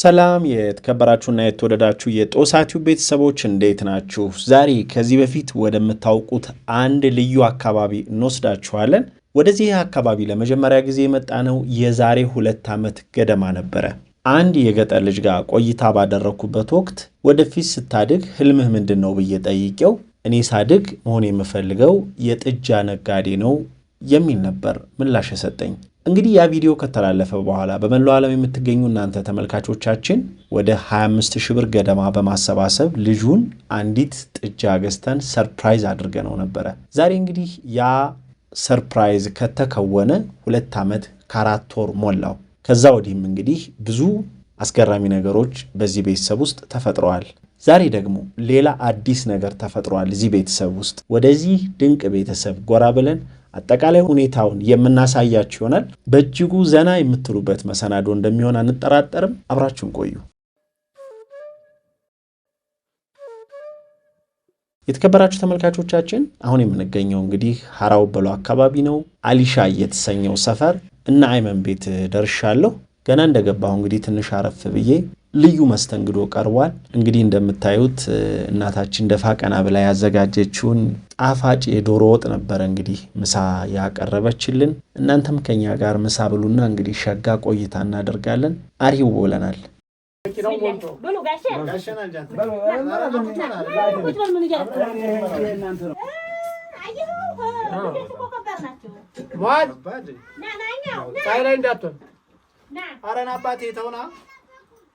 ሰላም የተከበራችሁና የተወደዳችሁ የጦሳቲው ቤተሰቦች እንዴት ናችሁ? ዛሬ ከዚህ በፊት ወደምታውቁት አንድ ልዩ አካባቢ እንወስዳችኋለን። ወደዚህ አካባቢ ለመጀመሪያ ጊዜ የመጣ ነው የዛሬ ሁለት ዓመት ገደማ ነበረ። አንድ የገጠር ልጅ ጋር ቆይታ ባደረግኩበት ወቅት ወደፊት ስታድግ ህልምህ ምንድን ነው ብዬ ጠይቄው እኔ ሳድግ መሆን የምፈልገው የጥጃ ነጋዴ ነው የሚል ነበር ምላሽ የሰጠኝ። እንግዲህ ያ ቪዲዮ ከተላለፈ በኋላ በመላው ዓለም የምትገኙ እናንተ ተመልካቾቻችን ወደ 25 ሺህ ብር ገደማ በማሰባሰብ ልጁን አንዲት ጥጃ ገዝተን ሰርፕራይዝ አድርገነው ነበረ። ዛሬ እንግዲህ ያ ሰርፕራይዝ ከተከወነ ሁለት ዓመት ከአራት ወር ሞላው። ከዛ ወዲህም እንግዲህ ብዙ አስገራሚ ነገሮች በዚህ ቤተሰብ ውስጥ ተፈጥረዋል። ዛሬ ደግሞ ሌላ አዲስ ነገር ተፈጥሯል እዚህ ቤተሰብ ውስጥ። ወደዚህ ድንቅ ቤተሰብ ጎራ ብለን አጠቃላይ ሁኔታውን የምናሳያችሁ ይሆናል። በእጅጉ ዘና የምትሉበት መሰናዶ እንደሚሆን አንጠራጠርም። አብራችሁን ቆዩ። የተከበራችሁ ተመልካቾቻችን አሁን የምንገኘው እንግዲህ ሀራው በሎ አካባቢ ነው። አሊሻ የተሰኘው ሰፈር እና አይመን ቤት ደርሻለሁ። ገና እንደገባሁ እንግዲህ ትንሽ አረፍ ብዬ ልዩ መስተንግዶ ቀርቧል። እንግዲህ እንደምታዩት እናታችን ደፋ ቀና ብላ ያዘጋጀችውን ጣፋጭ የዶሮ ወጥ ነበረ እንግዲህ ምሳ ያቀረበችልን። እናንተም ከኛ ጋር ምሳ ብሉና እንግዲህ ሸጋ ቆይታ እናደርጋለን። አሪው ብለናል። አረን አባቴ ተውና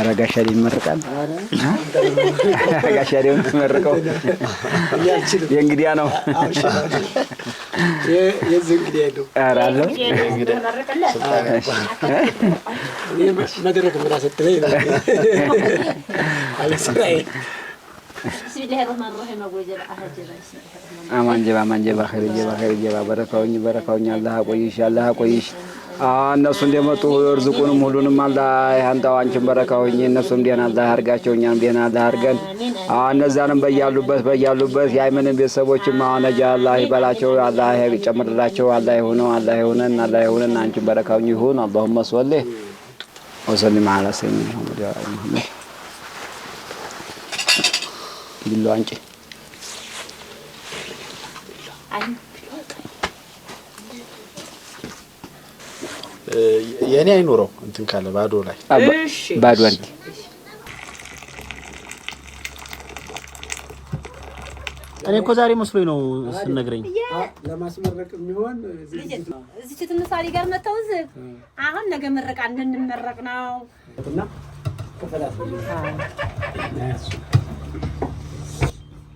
አረጋሻዴ ይመርቃል። አረጋሻዴ የምትመርቀው የእንግዲያ ነው። መድረክ አማን ጀባ አማን ጀባ ኸይር ጀባ ኸይር ጀባ በረካውኝ በረካውኝ አላህ አቆይሽ አላህ አቆይሽ። እነሱ እንደመጡ እርዝቁንም ሁሉንም አላህ ያንጣው። አንቺን በረካውኝ እነሱም ደህና አላህ አድርጋቸው እኛም ደህና አላህ አድርገን። እነዛንም በያሉበት በያሉበት የአይመንን ቤተሰቦችም አነጃ አላህ ይበላቸው አላህ ይጨምርላቸው አላህ ይሁነው አላህ ይሁነን አላህ ይሁነን። አንቺን በረካውኝ ይሁን። አላሁመ ሶሊ ወሰሊም አላ ሰይድና ሙሐመድ ቢላ አንጪ። የእኔ አይኖረው እንትን ካለ ባዶ ላይ ባዶ አድርጊ። እኔ እኮ ዛሬ መስሎኝ ነው ስነግረኝ፣ ለማስመረቅ የሚሆን ጋር አሁን ነገ ምረቃ እንድንመረቅ ነው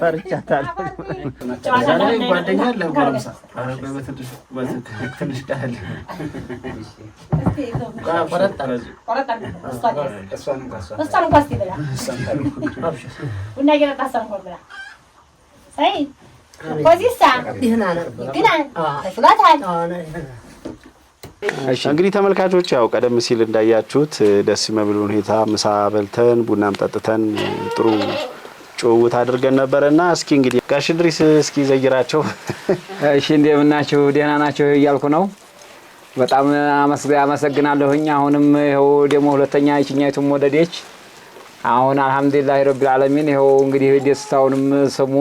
ፈርቻታለሁ። ጓደኛ እንግዲህ ተመልካቾች ያው ቀደም ሲል እንዳያችሁት ደስ መብል ሁኔታ ምሳ በልተን ቡናም ጠጥተን ጥሩ ጭውውት አድርገን ነበረና እስኪ እንግዲህ ጋሽ ድሪስ እስኪ ዘይራቸው። እሺ እንደምናችሁ ደህና ናቸው እያልኩ ነው። በጣም አመሰግናለሁኝ። አሁንም ይኸው ደግሞ ሁለተኛ ይችኛይቱም ወለደች። አሁን አልሐምዱሊላህ ረቢል ዓለሚን። ይኸው እንግዲህ ደስታውንም ስሙ፣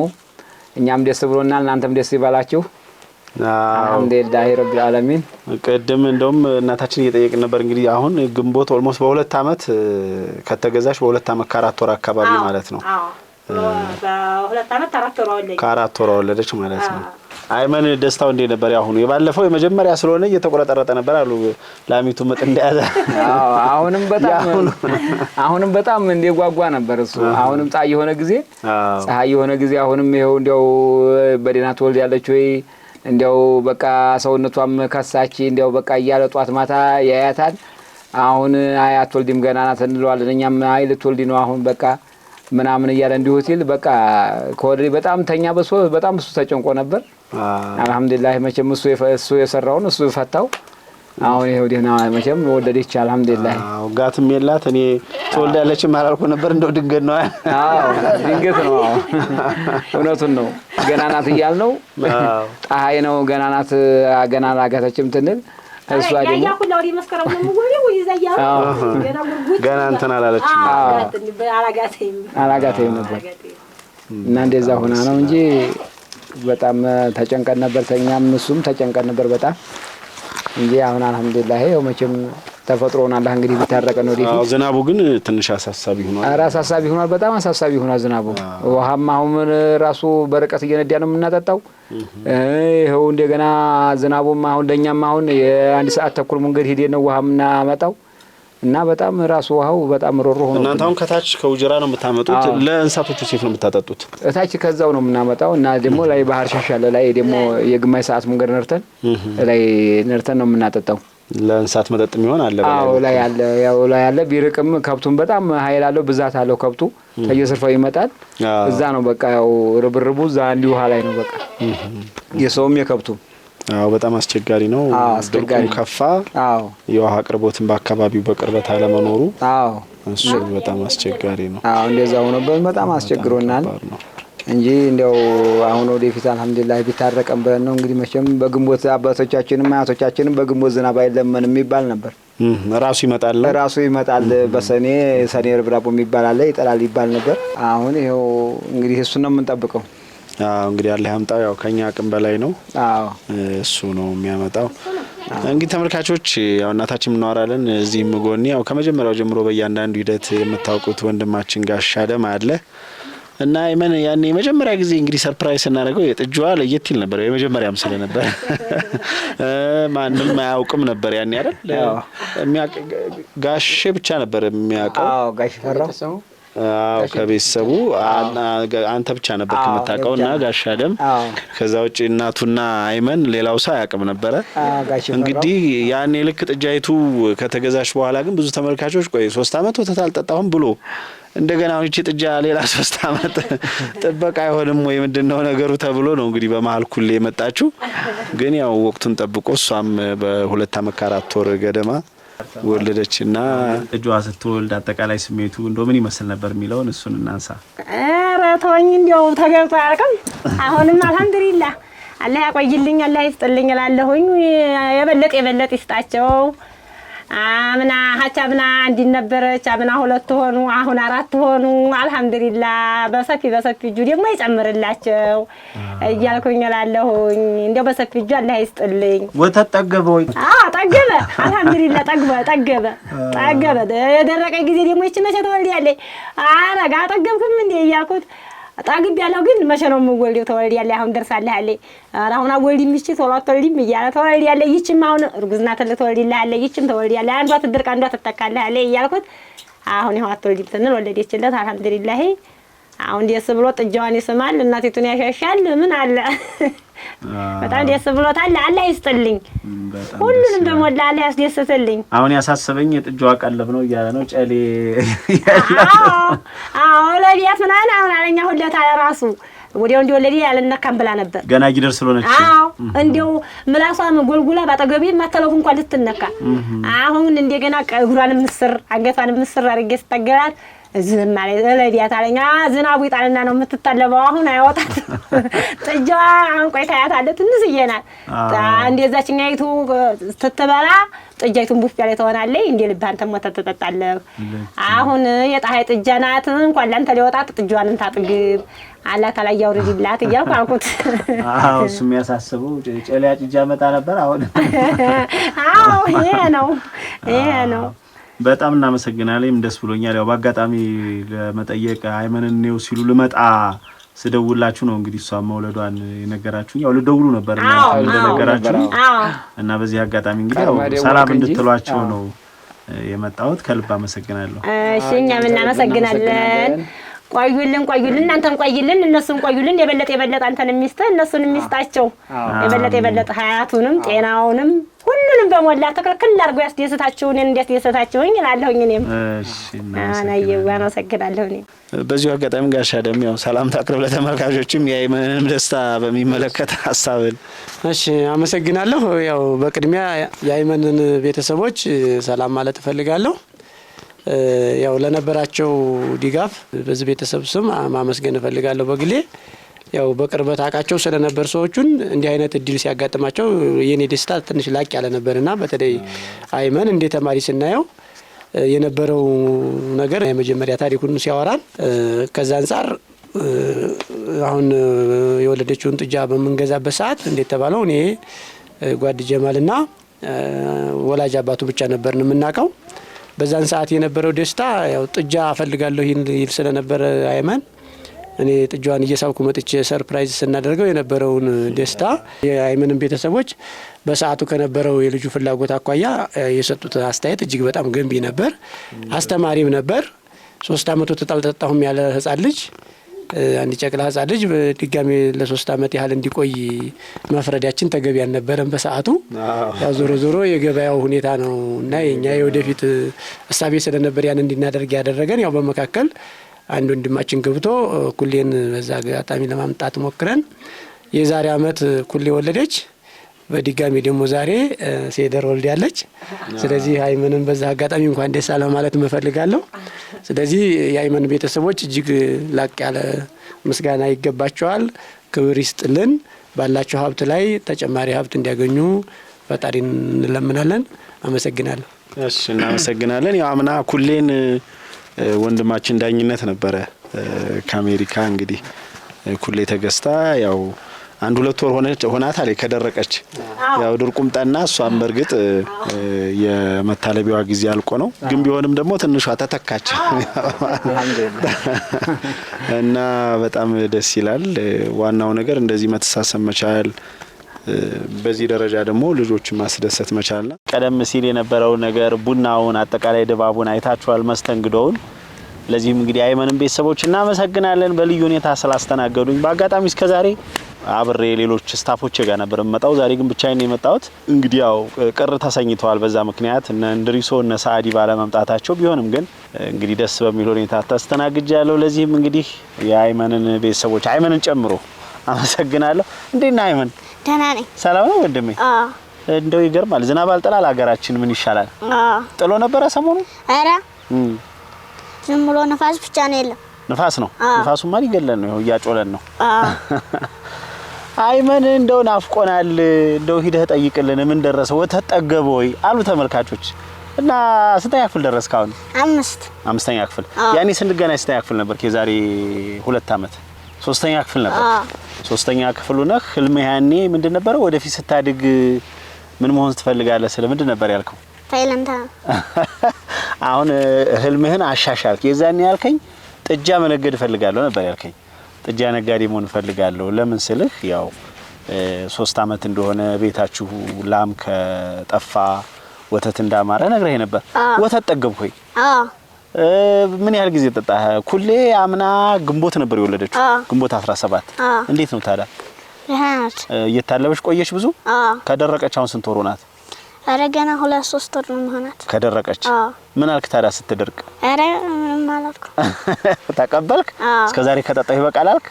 እኛም ደስ ብሎናል፣ እናንተም ደስ ይበላችሁ። አልሐምዱሊላህ ረቢል ዓለሚን። ቅድም እንደውም እናታችን እየጠየቅን ነበር። እንግዲህ አሁን ግንቦት ኦልሞስት በሁለት አመት ከተገዛሽ በሁለት አመት ከአራት ወር አካባቢ ማለት ነው ከአራት ወር ወለደች ማለት ነው። አይመን ደስታው እንዴት ነበር? አሁኑ የባለፈው የመጀመሪያ ስለሆነ እየተቆረጠረጠ ነበር አሉ ላሚቱ ምጥ እንደያዘ። አሁንም በጣም አሁንም በጣም ጓጓ ነበር እሱ። አሁንም ፀሐይ የሆነ ጊዜ ፀሐይ የሆነ ጊዜ አሁንም ይኸው እንዲያው በደህና ትወልድ ያለች ወይ እንዲያው በቃ ሰውነቷም ከሳች እንዲያው በቃ እያለ ጧት ማታ ያያታል። አሁን አይ አትወልድም ገና ናት እንለዋለን እኛም አይ ልትወልድ ነው አሁን በቃ ምናምን እያለ እንዲሁ ሲል በቃ ከወደ በጣም ተኛ በሶ በጣም እሱ ተጨንቆ ነበር። አልሐምዱሊላህ መቼም እሱ እሱ የሰራውን እሱ ፈታው። አሁን ይሄው ደህና መቼም ወደደች። አልሐምዱሊላህ ጋትም የላት እኔ ትወልዳለችም አላልኩ ነበር። እንደው ድንገት ነው። አዎ ድንገት ነው። እውነቱን ነው። ገና ናት እያል ነው። ፀሐይ ነው ገናናት ናት። ገና አላጋተችም ትንል ገና እንትን አላለችም ነበር እና እንደዛ ሆና ነው እንጂ በጣም ተጨንቀን ነበር። ተኛም እሱም ተጨንቀን ነበር በጣም እንጂ አሁን አልሐምዱሊላህ ይኸው መቼም ተፈጥሮውን አላህ እንግዲህ ቢታረቀን ወዲህ። ዝናቡ ግን ትንሽ አሳሳቢ ሆኗል። ኧረ አሳሳቢ ሆኗል፣ በጣም አሳሳቢ ሆኗል ዝናቡ። ውሃም አሁን ራሱ በርቀት እየነዳ ነው የምናጠጣው። ይኸው እንደገና ዝናቡም አሁን ለእኛም አሁን የአንድ ሰዓት ተኩል መንገድ ሄደ ነው ውሃ የምናመጣው እና በጣም ራሱ ውሃው በጣም ሮሮ ሆኖ እናንተ አሁን ከታች ከውጅራ ነው የምታመጡት? ለእንስሳቶቹ ሴፍ ነው የምታጠጡት? እታች ከዛው ነው የምናመጣው እና ደግሞ ላይ ባህር ሻሻለ ላይ ደግሞ የግማሽ ሰዓት መንገድ ነርተን ላይ ነርተን ነው የምናጠጣው። ለእንስሳት መጠጥ የሚሆን አለ ላይ ያለ ያው ላይ ያለ ቢርቅም ከብቱን በጣም ሀይል አለው ብዛት አለው ከብቱ ተየስርፈው ይመጣል። እዛ ነው በቃ ያው ርብርቡ እዛ እንዲ ውሃ ላይ ነው በቃ የሰውም የከብቱ አዎ በጣም አስቸጋሪ ነው። ድርቁም ከፋ። አዎ የውሃ አቅርቦትን በአካባቢው በቅርበት አለመኖሩ አዎ እሱ በጣም አስቸጋሪ ነው። አዎ እንደዛ ሆኖበት በጣም አስቸግሮናል። እንጂ እንዲያው አሁን ወደፊት አልሐምዱሊላህ ቢታረቀም ብለን ነው እንግዲህ። መቼም በግንቦት አባቶቻችንም አያቶቻችንም በግንቦት ዝናብ አይለመንም የሚባል ነበር። ራሱ ይመጣል ራሱ ይመጣል። በሰኔ ሰኔ ርብራቦ የሚባል አለ ይጠላል ይባል ነበር። አሁን ይኸው እንግዲህ እሱን ነው የምንጠብቀው። እንግዲህ አለ ያምጣው። ያው ከኛ አቅም በላይ ነው። አዎ እሱ ነው የሚያመጣው። እንግዲህ ተመልካቾች ያው እናታችን እናወራለን። እዚህም ጎኔ ያው ከመጀመሪያው ጀምሮ በእያንዳንዱ ሂደት የምታውቁት ወንድማችን ጋሻ ደም አለ እና አይመን ያኔ የመጀመሪያ ጊዜ እንግዲህ ሰርፕራይዝ ስናደርገው የጥጅዋ ለየት ይል ነበር። የመጀመሪያም ነበር። ማንም አያውቅም ነበር ያኔ አይደል? ጋሼ ብቻ ነበር የሚያውቀው አዎ ከቤተሰቡ አንተ ብቻ ነበር የምታውቀው እና ጋሻ አደም። ከዛ ውጭ እናቱና አይመን ሌላው ሰው አያውቅም ነበረ። እንግዲህ ያኔ ልክ ጥጃይቱ ከተገዛች በኋላ ግን ብዙ ተመልካቾች ቆይ ሶስት አመት ወተት አልጠጣሁም ብሎ እንደገና አሁን ይቺ ጥጃ ሌላ ሶስት አመት ጥበቃ አይሆንም ወይ ምንድነው ነገሩ ተብሎ ነው እንግዲህ በመሀል ኩሌ የመጣችው። ግን ያው ወቅቱን ጠብቆ እሷም በሁለት አመት ከአራት ወር ገደማ ወለደች እና ልጇ ስትወልድ አጠቃላይ ስሜቱ እንደ ምን ይመስል ነበር የሚለውን እሱን እናንሳ። ኧረ ተወኝ እንዲያው ተገብቶ አያልቅም። አሁንም አልሐምዱሊላ አላህ ያቆይልኝ፣ አላህ ይስጥልኝ እላለሁኝ። የበለጥ የበለጥ ይስጣቸው አምና ሀች አምና አንዲት ነበረች። አምና ሁለት ሆኑ፣ አሁን አራት ሆኑ። አልሐምዱሊላ በሰፊ በሰፊ እጁ ደግሞ ይጨምርላቸው እያልኩኝ እላለሁኝ። እንዲያው በሰፊ እጁ አላህ ይስጥልኝ። ወተት ጠገበ ወይ? ጠገበ። አልሐምዱሊላ ጠግበ ጠገበ ጠገበ። የደረቀ ጊዜ ደግሞ ይች መቼ ተወልድ ያለኝ አረጋ አጠገብክም እንዴ እያልኩት ጣግብ ያለው ግን መቼ ነው የምወልደው? ተወልድ ያለ አሁን ደርሳለህ አለ። ኧረ አሁን አወልድም ይቺ ቶሎ አትወልድም እያለ ተወልድ ያለ ይቺም አሁን እርጉዝ ናት ልትወልድልህ አለ። ይቺም ተወልድ ያለ አንዷ ትድርቅ አንዷ ትተካልህ አለ እያልኩት አሁን ይኸው አትወልድም ስንል ወለደችለት። አልሐምዱሊላህ አሁን ደስ ብሎ ጥጃዋን ይስማል፣ እናቲቱን ያሻሻል። ምን አለ በጣም ደስ ብሎታል። አለ ይስጥልኝ፣ ሁሉንም በሞላ አለ ያስደስትልኝ። አሁን ያሳሰበኝ የጥጃዋ ቀለብ ነው እያለ ነው ጨሌ። አዎ ለቤት ምናምን አሁን አለኛ ሁለታ ራሱ ወዲያው እንዲው ለዲ ያልነካም ብላ ነበር። ገና ጊደር ስለሆነች አዎ፣ እንዲው ምላሷም ጎልጉላ ባጠገቤ ማተለፉ እንኳን ልትነካ አሁን እንደገና እግሯንም ምስር አንገቷንም ምስር አድርጌ ስታገላት ዝም ማለት እለዲያት አለኝ። ዝናቡ ይጣልና ነው የምትታለበው። አሁን አይወጣት ጥጃዋ አሁን ቆይ ታያታለህ። ትንሽዬ ናት። እንደዛችኛይቱ ስትበላ ጥጃይቱን ቡፍ ያለ ትሆናለች። እንደ ልብህ አንተም ወተት አሁን የፀሐይ ጥጃ ናት። እንኳን ለአንተ ሊወጣ ጥጃዋን ታጥግብ አላ ታላይ አውርድላት እያልኩ አልኩት። እሱ የሚያሳስበው ጨለያ ጥጃ መጣ ነበር። አሁን አዎ ይሄ ነው ይሄ ነው በጣም እናመሰግናለን። ደስ ብሎኛል። ያው በአጋጣሚ ለመጠየቅ አይመንን ነው ሲሉ ልመጣ ስደውላችሁ ነው እንግዲህ እሷ መውለዷን የነገራችሁኝ። ያው ልደውሉ ነበር እንደነገራችሁ እና በዚህ አጋጣሚ እንግዲህ ያው ሰላም እንድትሏቸው ነው የመጣሁት። ከልብ አመሰግናለሁ። እሺ፣ እኛም እናመሰግናለን። ቆዩልን፣ ቆዩልን፣ እናንተም ቆይልን፣ እነሱም ቆዩልን። የበለጠ የበለጠ አንተን የሚስተ እነሱን የሚስጣቸው የበለጠ የበለጠ ሀያቱንም ጤናውንም ሁሉንም በሞላ ትክክል አድርጎ ያስደሰታችሁን እንዴት ደሰታችሁኝ እላለሁኝ። እኔም ናየው አመሰግናለሁ። እኔም በዚሁ አጋጣሚ ጋሻ ደም ያው ሰላምታ አቅርብ ለተመልካቾችም የአይመንም ደስታ በሚመለከት ሀሳብን። እሺ አመሰግናለሁ። ያው በቅድሚያ የአይመንን ቤተሰቦች ሰላም ማለት እፈልጋለሁ። ያው ለነበራቸው ድጋፍ በዚህ ቤተሰብ ስም ማመስገን እፈልጋለሁ በግሌ ያው በቅርበት አውቃቸው ስለነበር ሰዎቹን እንዲህ አይነት እድል ሲያጋጥማቸው የኔ ደስታ ትንሽ ላቅ ያለ ነበርና በተለይ አይመን እንደ ተማሪ ስናየው የነበረው ነገር የመጀመሪያ ታሪኩን ሲያወራል ከዛ አንጻር አሁን የወለደችውን ጥጃ በምንገዛበት ሰዓት ተባለው እኔ ጓድ ጀማልና ወላጅ አባቱ ብቻ ነበርን የምናውቀው። በዛን ሰዓት የነበረው ደስታ ያው ጥጃ ፈልጋለሁ ይል ስለነበረ አይመን እኔ ጥጇን እየሳብኩ መጥቼ ሰርፕራይዝ ስናደርገው የነበረውን ደስታ የአይምንም ቤተሰቦች በሰዓቱ ከነበረው የልጁ ፍላጎት አኳያ የሰጡት አስተያየት እጅግ በጣም ገንቢ ነበር፣ አስተማሪም ነበር። ሶስት አመቱ ተጣልጠጣሁም ያለ ህጻን ልጅ አንድ ጨቅላ ህጻን ልጅ በድጋሚ ለሶስት አመት ያህል እንዲቆይ መፍረዳችን ተገቢ አልነበረም በሰዓቱ። ያው ዞሮ ዞሮ የገበያው ሁኔታ ነው እና የኛ የወደፊት እሳቤ ስለነበር ያን እንዲናደርግ ያደረገን ያው በመካከል አንድ ወንድማችን ገብቶ ኩሌን በዛ አጋጣሚ ለማምጣት ሞክረን የዛሬ አመት ኩሌ ወለደች። በድጋሚ ደግሞ ዛሬ ሴደር ወልዳለች። ስለዚህ አይመንን በዛ አጋጣሚ እንኳን ደስ አለ ማለት እፈልጋለሁ። ስለዚህ የአይመን ቤተሰቦች እጅግ ላቅ ያለ ምስጋና ይገባቸዋል። ክብር ይስጥልን። ባላቸው ሀብት ላይ ተጨማሪ ሀብት እንዲያገኙ ፈጣሪ እንለምናለን። አመሰግናለሁ። እሺ፣ እናመሰግናለን። ያው አምና ኩሌን ወንድማችን ዳኝነት ነበረ ከአሜሪካ እንግዲህ ኩሌ ተገዝታ ያው አንድ ሁለት ወር ሆናት አለ ከደረቀች። ያው ድርቁም ጠና። እሷም በእርግጥ የመታለቢያዋ ጊዜ አልቆ ነው፣ ግን ቢሆንም ደግሞ ትንሿ ተተካች እና በጣም ደስ ይላል። ዋናው ነገር እንደዚህ መተሳሰብ መቻል በዚህ ደረጃ ደግሞ ልጆችን ማስደሰት ነው። ቀደም ሲል የነበረው ነገር ቡናውን፣ አጠቃላይ ድባቡን አይታችኋል፣ መስተንግዶውን። ለዚህም እንግዲህ አይመንም ቤተሰቦች እናመሰግናለን በልዩ ሁኔታ ስላስተናገዱኝ። በአጋጣሚ እስከዛሬ አብሬ ሌሎች ስታፎች ጋር ነበር የምመጣው፣ ዛሬ ግን ብቻዬን የመጣሁት። እንግዲህ ያው ቅር ተሰኝተዋል በዛ ምክንያት እነ እንድሪሶ እነ ሳአዲ ባለመምጣታቸው። ቢሆንም ግን እንግዲህ ደስ በሚል ሁኔታ ተስተናግጃ ያለው። ለዚህም እንግዲህ የአይመንን ቤተሰቦች አይመንን ጨምሮ አመሰግናለሁ። እንዴና አይመን ደህና ነኝ። ሰላም ነው ወንድሜ? እንደው ይገርማል ዝናብ አልጥላ ሀገራችን ምን ይሻላል? ጥሎ ነበረ ሰሞኑ? ኧረ ዝም ብሎ ንፋስ ብቻ ነው የለም። ንፋስ ነው። ንፋሱማ ሊገለን ነው፣ እያጮለን ነው። አይመን እንደው ናፍቆናል፣ እንደው ሂደህ ጠይቅልን ምን ደረሰ ወተት ጠገበ ወይ አሉ ተመልካቾች። እና ስንተኛ ክፍል ደረስክ አሁን? አምስት አምስተኛ ክፍል። ያኔ ስንገናኝ ስንተኛ ክፍል ነበር? የዛሬ ሁለት አመት ሶስተኛ ክፍል ነበር። ሶስተኛ ክፍል ነህ። ህልም ያኔ ምንድን ነበረ? ወደፊት ስታድግ ምን መሆን ትፈልጋለህ? ስለ ምንድን ነበር ያልከው? ፓይለንታ። አሁን ህልምህን አሻሻልክ። የዛኔ ያልከኝ ጥጃ መነገድ እፈልጋለሁ ነበር ያልከኝ። ጥጃ ነጋዴ መሆን እፈልጋለሁ። ለምን ስልህ ያው ሶስት አመት እንደሆነ ቤታችሁ ላም ከጠፋ ወተት እንዳማረ ነግረህ ነበር። ወተት ጠገብኩኝ። ምን ያህል ጊዜ ጠጣህ? ኩሌ አምና ግንቦት ነበር የወለደችው፣ ግንቦት 17 እንዴት ነው ታዲያ? እየታለበች ቆየች ብዙ። ከደረቀች አሁን ስንት ወር ናት? አረ ገና ሁለት ሶስት ወር ነው መሆናት ከደረቀች። ምን አልክ ታዲያ ስትደርቅ? አረ ምንም አላልኩ። ተቀበልክ? እስከ ዛሬ ከጠጣሁ ይበቃል አልክ።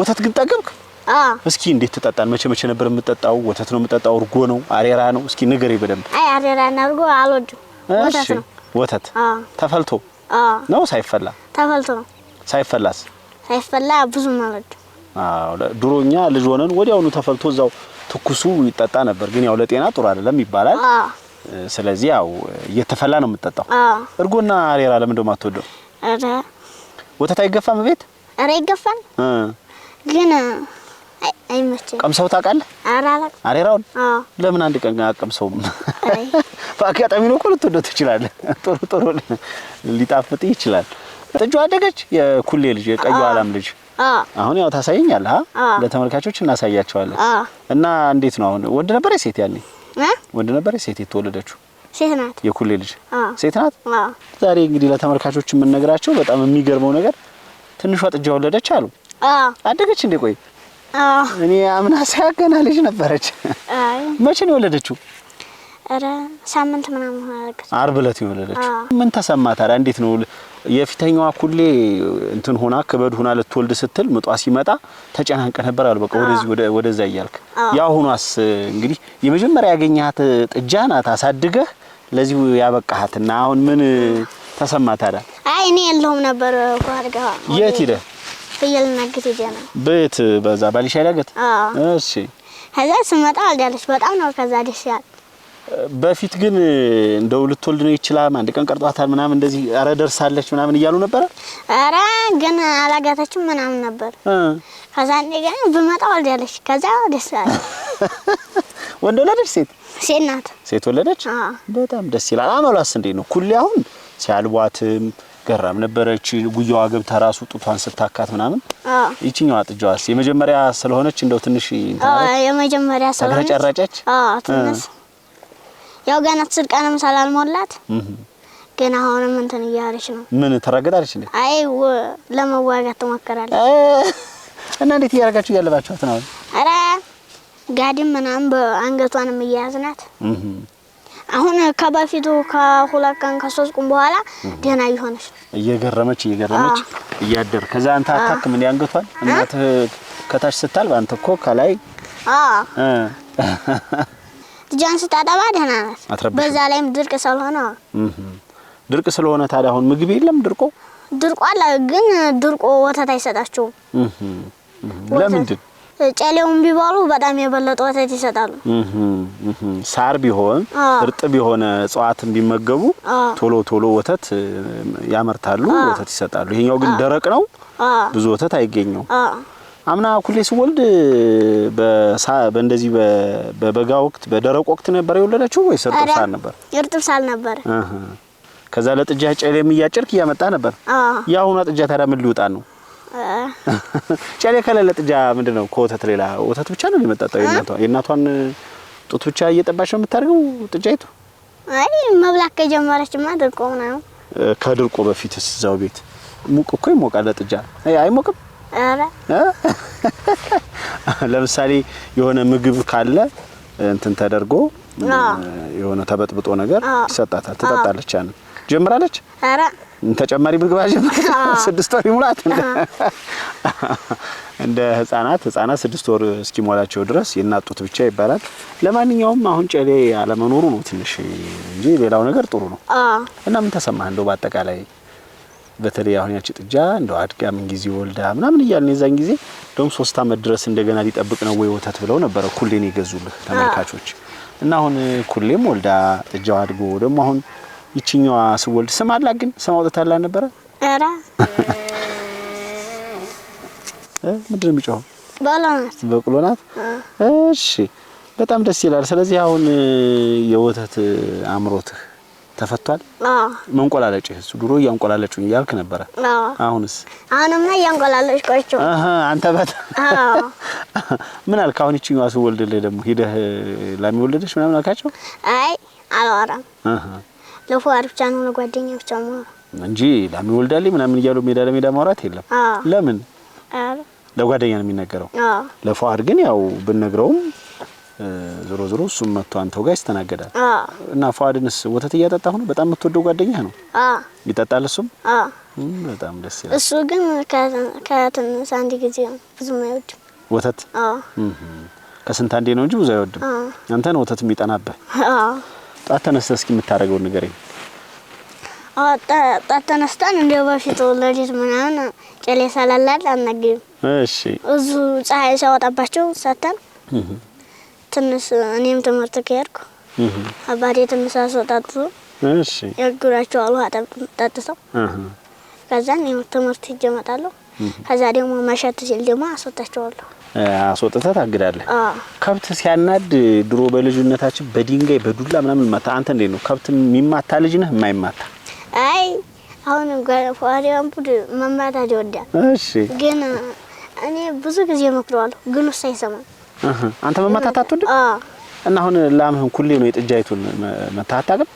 ወተት ግን ጠገብክ? እስኪ እንዴት ትጠጣን? መቼ መቼ ነበር የምጠጣው? ወተት ነው የምጠጣው? እርጎ ነው? አሬራ ነው? እስኪ ንገሪ በደንብ። አይ አሬራና እርጎ አልወድም፣ ወተት ነው ወተት ተፈልቶ ነው ሳይፈላ? ተፈልቶ ነው። ሳይፈላስ? ሳይፈላ ብዙ ማለት ድሮኛ ልጅ ሆነን ወዲያውኑ ተፈልቶ እዛው ትኩሱ ይጠጣ ነበር፣ ግን ያው ለጤና ጥሩ አይደለም ይባላል። ስለዚህ ያው እየተፈላ ነው የምጠጣው። እርጎና አሬራ ለምን እንደውም አትወደው? ወተት አይገፋም ቤት? አረ ይገፋል፣ ግን አይመቸኝም። ቀምሰው ታውቃለህ? አሬራውን ለምን አንድ ቀን አቀምሰውም? በአጋጣሚ ነው እኮ ልትወደው ትችላለህ። ቶሎ ቶሎ ሊጣፍጥ ይችላል። ጥጁ አደገች። የኩሌ ልጅ የቀዩ አላም ልጅ አሁን ያው ታሳየኛለህ። ለተመልካቾች እናሳያቸዋለን። እና እንዴት ነው አሁን? ወንድ ነበር ሴት? ያኔ ወንድ ነበር ሴት? የተወለደችው ሴት ናት። የኩሌ ልጅ ሴት ናት። ዛሬ እንግዲህ ለተመልካቾች የምንነግራቸው በጣም የሚገርመው ነገር ትንሿ ጥጃ ወለደች አሉ። አደገች እንዴ? ቆይ እኔ አምና ሳያገና ልጅ ነበረች። መቼ ነው የወለደችው? ኧረ ሳምንት ምናምን ሆነ። አርብ ዕለት የወለደች። ምን ተሰማ ታዲያ? እንዴት ነው የፊተኛዋ ኩሌ እንትን ሆና ክበድ ሆና ልትወልድ ስትል ምጧ ሲመጣ ተጨናንቀ ነበር አሉ። በቃ ወደዚህ ወደዛ እያልክ ያሁኗስ እንግዲህ የመጀመሪያ ያገኘሃት ጥጃ ናት። አሳድገህ ለዚህ ያበቃሃት እና አሁን ምን ተሰማ ታዲያ? አይ እኔ የለሁም ነበር ጓድጋ። የት ሄደህ? ፍየል ነግድ ሄጄ ቤት በዛ ባሊሻ ዳገት። እሺ ከዛ ስመጣ ወልዳለች። በጣም ነው ከዛ ደስ ያለ በፊት ግን እንደው ልትወልድ ነው ይችላል፣ አንድ ቀን ቀርጧታል ምናምን እንደዚህ አረ ደርሳለች ምናምን እያሉ ነበረ። አረ ግን አላጋታችም ምናምን ነበር። ከዛ እንደ ግን ብመጣ ወልዳለች። ከዛ ደስ አለ። ወንድ ወለደች? ሴት ሴት ናት። ሴት ወለደች። በጣም ደስ ይላል። አመሏስ እንዴት ነው? ኩሌ አሁን ሲያልቧትም ገራም ነበረች። ጉያዋ ገብታ ራሱ ጡቷን ስታካት ምናምን። ይችኛዋ ጥጃዋስ የመጀመሪያ ስለሆነች እንደው ትንሽ የመጀመሪያ ስለሆነች ተረጨረጨች። አዎ ትንሽ ያው ገና አስር ቀንም ሳላልሞላት ገና አሁንም እንትን እያለች ነው። ምን ተራገዳለች እንዴ? አይ ለመዋጋት ትሞክራለች። እና እንዴት እያደረጋችሁ እያለባችኋት ነው? አረ ጋድም ምናምን በአንገቷንም እያያዝናት አሁን ከበፊቱ ከሁለት ቀን ከሶስት ቀን በኋላ ደህና እየሆነች እየገረመች እየገረመች እያደር ከዛ አንተ አታክም እንዴ አንገቷን? እናትህ ከታች ስታል አንተ እኮ ከላይ ልጇን ስታጠባ ደህና ናት። በዛ ላይም ድርቅ ስለሆነ ድርቅ ስለሆነ ታዲያ አሁን ምግብ የለም። ድርቆ ድርቆ አለ፣ ግን ድርቆ ወተት አይሰጣቸውም። ለምንድን ጨሌውን ቢባሉ በጣም የበለጠ ወተት ይሰጣሉ። ሳር ቢሆን እርጥብ የሆነ እጽዋትን ቢመገቡ ቶሎ ቶሎ ወተት ያመርታሉ፣ ወተት ይሰጣሉ። ይሄኛው ግን ደረቅ ነው፣ ብዙ ወተት አይገኘው። አምና ኩሌ ስወልድ በእንደዚህ በበጋ ወቅት በደረቅ ወቅት ነበር የወለደችው ወይስ እርጥብ ሳል ነበር? እርጥብ ሳል ነበር። ከዛ ለጥጃ ጨሌም እያጨድክ እያመጣ ነበር። የአሁኗ ጥጃ ታዲያ ምን ሊወጣ ነው? ጨሌ ከሌለ ጥጃ ምንድን ነው? ከወተት ሌላ ወተት ብቻ ነው የሚመጣጣው። የእናቷን ጡት ብቻ እየጠባች ነው የምታደርገው ጥጃይቱ። አይ መብላት ከጀመረችማ ድርቆ ነው። ከድርቆ በፊትስ እዛው ቤት ሙቅ እኮ ይሞቃል። ለጥጃ አይ አይሞቅም ለምሳሌ የሆነ ምግብ ካለ እንትን ተደርጎ የሆነ ተበጥብጦ ነገር ይሰጣታል። ትጠጣለች። ያን ጀምራለች። አረ ተጨማሪ ምግብ አጀምራለች። ስድስት ወር ይሙላት እንደ ህጻናት ህጻናት ስድስት ወር እስኪሞላቸው ድረስ የናጡት ብቻ ይባላል። ለማንኛውም አሁን ጨሌ አለመኖሩ ነው ትንሽ እንጂ ሌላው ነገር ጥሩ ነው። እና ምን ተሰማህ እንደው በአጠቃላይ በተለይ አሁን ያቺ ጥጃ እንደ አድጋ ምን ጊዜ ወልዳ ምናምን እያልን የዛን ጊዜ እንደውም ሶስት አመት ድረስ እንደገና ሊጠብቅ ነው ወይ ወተት ብለው ነበረ ኩሌን የገዙልህ ተመልካቾች። እና አሁን ኩሌም ወልዳ ጥጃው አድጎ ደግሞ አሁን ይችኛዋ ስወልድ ስም አላ ግን ስም አላ ነበረ። ኧረ ምንድን የሚጮኸው? እሺ፣ በጣም ደስ ይላል። ስለዚህ አሁን የወተት አእምሮትህ ተፈቷል? መንቆላለጭ እሱ ድሮ እያንቆላለጭኝ እያልክ ነበረ። አሁንስ? አሁንም ነው እያንቆላለጭኳቸው። አንተ በት ምን አልክ? አሁን እቺ ዋስ ወልድልህ ደግሞ ሂደህ ላሚ ወልደሽ ምናምን አልካቸው? አይ አላወራም። አሃ ብቻ ነው ለጓደኛ ብቻ እንጂ ላሚ ወልዳልኝ ምናምን እያሉ ሜዳ ለሜዳ ማውራት የለም። ለምን ለጓደኛ ነው የሚነገረው። ለፎር ግን ያው ብንነግረውም ዞሮ ዞሮ እሱም መጥቶ አንተው ጋር ይስተናገዳል። እና ፏድንስ ወተት እያጠጣ ሆኖ በጣም የምትወደው ጓደኛህ ነው ይጠጣል። እሱም በጣም ደስ ይላል። እሱ ግን ከትንሽ አንድ ጊዜ ነው ብዙም አይወድም ወተት። ከስንት አንዴ ነው እንጂ ብዙ አይወድም። አንተ ነው ወተት የሚጠናብህ ጧት ተነስተህ እስኪ የምታደርገውን ንገረኝ። ጧት ተነስተን እንደው በፊት ሌሊት ምናምን ጨሌ ሳላላል አናገኝም። እሺ እዙ ፀሐይ ሲያወጣባቸው ሰተን ትንሽ እኔም ትምህርት ከሄድኩ አባቴ ትንሽ አስወጣቱ የእግራቸው አሉ ጠጥተው ከዛ እኔም ትምህርት ሂጅ እመጣለሁ። ከዛ ደግሞ መሸት ሲል ደግሞ አስወጣቸዋለሁ። አስወጥተህ ታግዳለህ። ከብት ሲያናድ ድሮ በልጅነታችን በድንጋይ በዱላ ምናምን ማታ። አንተ እንዴት ነው ከብት የሚማታ ልጅ ነህ? የማይማታ አይ አሁን ጓሪያን ቡድ መማታት ይወዳል። እሺ ግን እኔ ብዙ ጊዜ እመክረዋለሁ ግን ውስጥ አይሰማም። አንተ መማታት አትወድም? እና አሁን ላምህን ኩሌ ነው የጥጃይቱን መታታ ግን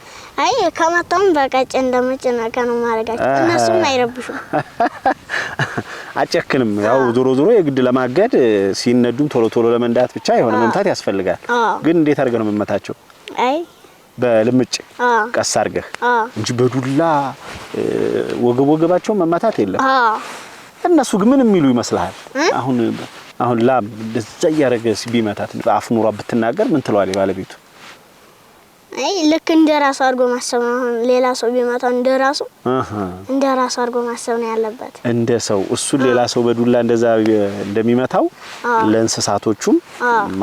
አይ ከመጣሁም በቀጭ እንደመጨናቀ ነው ማረጋቸው። እነሱም አይረብሹ አጨክንም። ያው ዞሮ ዞሮ የግድ ለማገድ ሲነዱም ቶሎ ቶሎ ለመንዳት ብቻ የሆነ መምታት ያስፈልጋል። ግን እንዴት አድርገህ ነው መመታቸው? አይ በልምጭ ቀስ አድርገህ እንጂ በዱላ ወገብ ወገባቸው መማታት የለም። እነሱ ግን ምን የሚሉ ይመስልሃል አሁን አሁን ላም እንደዛ እያደረገ ቢመታት አፍ ኑሯ ብትናገር ምን ትለዋለች ባለቤቱ? አይ ልክ እንደ ራሱ አድርጎ ማሰብ ነው። አሁን ሌላ ሰው ቢመታው እንደ ራሱ እንደ ራሱ አድርጎ ማሰብ ነው ያለበት። እንደ ሰው እሱን ሌላ ሰው በዱላ እንደዛ እንደሚመታው ለእንስሳቶቹም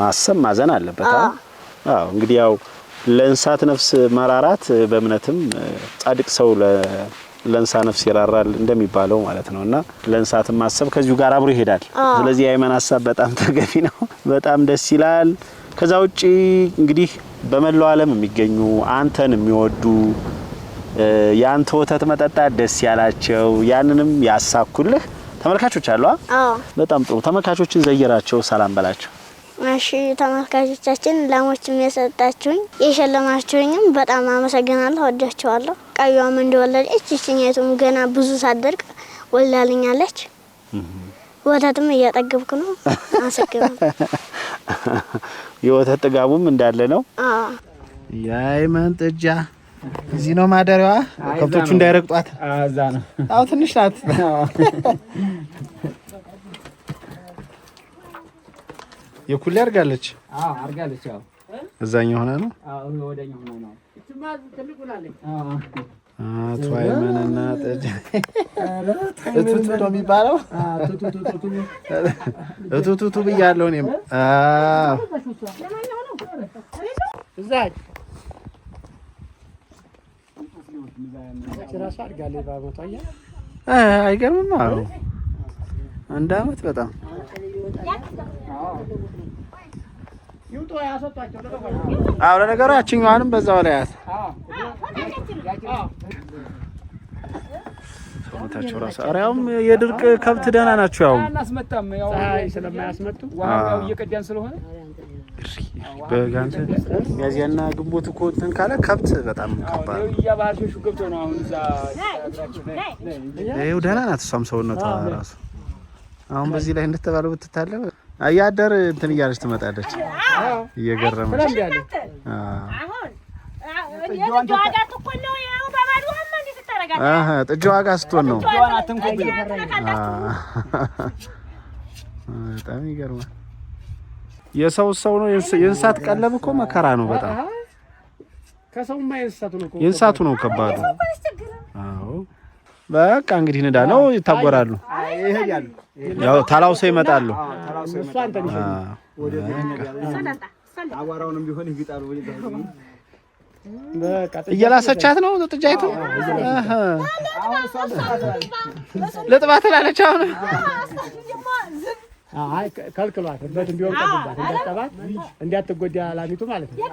ማሰብ ማዘን አለበት። አዎ እንግዲህ ያው ለእንስሳት ነፍስ መራራት በእምነትም ጻድቅ ሰው ለእንስሳ ነፍስ ይራራል እንደሚባለው ማለት ነው እና ለእንስሳት ማሰብ ከዚሁ ጋር አብሮ ይሄዳል። ስለዚህ የአይመን ሀሳብ በጣም ተገቢ ነው። በጣም ደስ ይላል። ከዛ ውጭ እንግዲህ በመላው ዓለም የሚገኙ አንተን የሚወዱ የአንተ ወተት መጠጣት ደስ ያላቸው ያንንም ያሳኩልህ ተመልካቾች አሉ። በጣም ጥሩ ተመልካቾችን ዘይራቸው፣ ሰላም በላቸው። እሺ ተመልካቾቻችን ላሞችም የሰጣችሁኝ የሸለማችሁኝም በጣም አመሰግናለሁ፣ ወዳችኋለሁ። ቀዩዋም እንደወለደች ይችኛቱም ገና ብዙ ሳደርቅ ወልዳልኛለች። ወተትም እያጠገብኩ ነው። አመሰግናለሁ። የወተት ጥጋቡም እንዳለ ነው። የአይመን ጥጃ እዚህ ነው ማደሪያዋ። ከብቶቹ እንዳይረግጧት ነው። አዎ ትንሽ ናት። የኩሌ አድርጋለች። አዎ አድርጋለች። አዎ እዛኛው ሆና ነው። አዎ ወደኛው ሆና ነው። እቺማ ትልቁ ናለች። አዎ እና ጠጅ እቱቱ ነው የሚባለው። እቱቱቱ ብያለሁ እኔም። አዎ እዛ አይገርምም። አዎ አንድ አመት በጣም አዎ። ለነገሩ ያችኛዋንም በዛው ላይ ያት ሰውነታቸው ራሱ ኧረ ያውም የድርቅ ከብት ደህና ናቸው። ያው አናስመጣም፣ ያው ስለማያስመጡ እየቀዳን ስለሆነ ግንቦት እኮ እንትን ካለ ከብት በጣም ከባድ ነው። ይኸው ደህና ናት እሷም ሰውነቷ ራሱ አሁን በዚህ ላይ እንደተባለው ብትታለብ አያደር እንትን እያለች ትመጣለች። እየገረመች ጥጃዋ ጋር ስትሆን ነው። በጣም ይገርማል። የሰው ሰው ነው። የእንስሳት ቀለብ እኮ መከራ ነው በጣም የእንስሳቱ ነው ከባዱ። በቃ እንግዲህ ንዳ ነው ይታጎራሉ። ይሄዳሉ። ያው ተላውሰው ይመጣሉ። አቧራውንም እየላሰቻት ነው ጥጃይቱ። ልጥባት ላለች አሁን አይ ከልክሏት በት እንዲሆን ቀብባት እንዳትጠባት እንዳትጎዳ ላሚቱ ማለት ነው።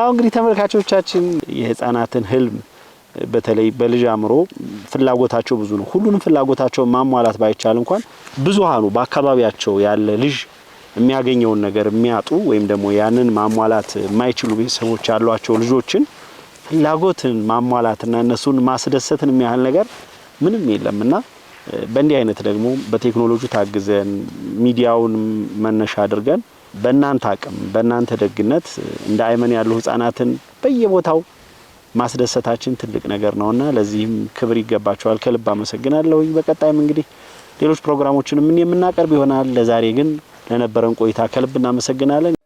አዎ እንግዲህ ተመልካቾቻችን የህፃናትን ህልም በተለይ በልጅ አእምሮ ፍላጎታቸው ብዙ ነው። ሁሉንም ፍላጎታቸውን ማሟላት ባይቻል እንኳን ብዙሃኑ በአካባቢያቸው ያለ ልጅ የሚያገኘውን ነገር የሚያጡ ወይም ደግሞ ያንን ማሟላት የማይችሉ ቤተሰቦች ያሏቸው ልጆችን ፍላጎትን ማሟላትና እነሱን ማስደሰትን የሚያህል ነገር ምንም የለም እና በእንዲህ አይነት ደግሞ በቴክኖሎጂ ታግዘን ሚዲያውን መነሻ አድርገን በእናንተ አቅም በእናንተ ደግነት እንደ አይመን ያሉ ህፃናትን በየቦታው ማስደሰታችን ትልቅ ነገር ነውና ለዚህም ክብር ይገባቸዋል። ከልብ አመሰግናለሁ። በቀጣይም እንግዲህ ሌሎች ፕሮግራሞችንም የምናቀርብ ይሆናል። ለዛሬ ግን ለነበረን ቆይታ ከልብ እናመሰግናለን።